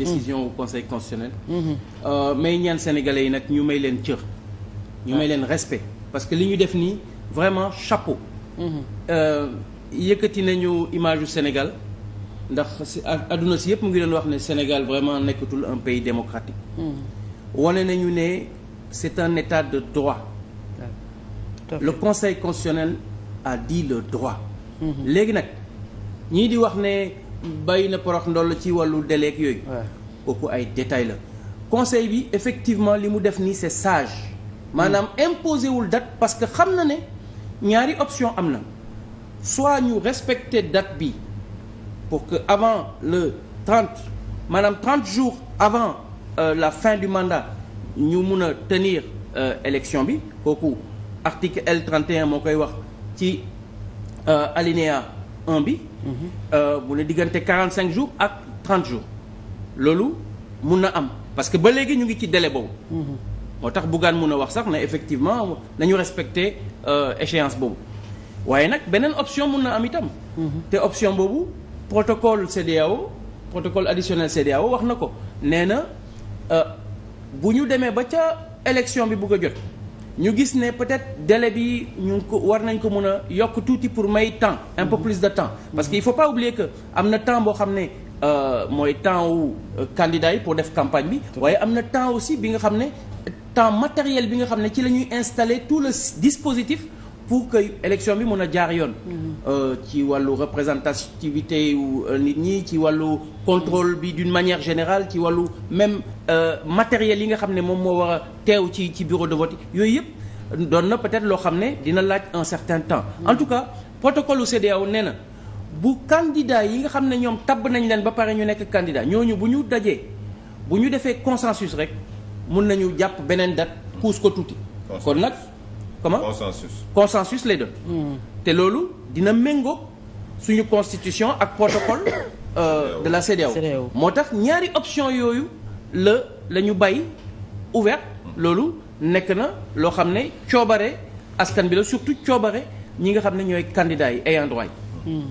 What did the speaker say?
décision au conseil constitutionnel. Mm-hmm. Mm-hmm. Euh, may ñaan sénégalais yi nag ñu may leen cër. ñu may leen respect parce que li ñu def nii vraiment chapeau. Mm-hmm. Euh, yëkkati nañu image yu Sénégal ndax adduna si yëpp mu ngi doon wax ne Sénégal vraiment nekkatul un pays démocratique. wane nañu ne c'est un état de droit. le conseil constitutionnel a dit le droit. léegi nag ñii di wax ne. bàyyi na porox ndoll ci wàllu délai yooyu. kooku ay détail la. conseil bi effectivement li mu def nii c'est sage. maanaam hmm. imposé wul date parce que xam na ne ñaari option am na soit ñu respecter date bi pour que avant le 30 maanaam trente jours avant euh, la fin du mandat ñu mun a tenir euh, élection bi kooku article l moo koy wax ci euh, alinéa. 1 bi. Euh, mu ne diggante cinq jours ak 30 jours loolu mun na am parce que ba léegi ñu ngi ci délai boobu. moo tax Bougane mun a wax sax ne effectivement nañu respecter euh, échéance boobu waaye nag beneen option mun na am itam. te option boobu protocole CEDEAO protocole additionnel CEDEAO wax na ko nee na euh, bu ñu demee ba ca élection bi bugg a jot. ñu gis ne peut-être délai bi ñu ngi ko war nañ ko mën a yokk tuuti pour may temps un peu plus de temps parce que il faut pas oublier que am na temps boo xam ne euh, mooy temps wu euh, candidat yi pour def campagne bi waaye am na temps aussi bi nga xam ne temps matériel bi nga xam ne ci la ñuy installer tout le dispositif pour que élection bi mën a jaar yoon. Mm-hmm. Euh, ci wàllu représentativité wu euh, nit ñi ci wàllu contrôle bi d'une manière générale ci wàllu même euh, matériel yi nga xam ne moom moo war a teew ci ci bureau de vote yooyu yëpp. doon na peut-être loo xam ne dina laaj un certain temps mm-hmm. en tout cas protocole CEDEAO nee na bu candidat yi nga xam ne ñoom tàbb nañ leen ba pare ñu nekk candidat ñooñu bu ñu dajee bu ñu defee consensus rek mun nañu jàpp beneen date puus ko tuuti kon comment consensus lay les deux hmm. te loolu dina méngoo suñu constitution ak protocole euh, de la CEDEAO moo tax ñaari option yooyu la la ñu bàyyi ouvert loolu nekk na loo xam ne coobare askan bi la surtout coobare ñi nga xam ne ñooy candidats yi ayant droit yi hmm.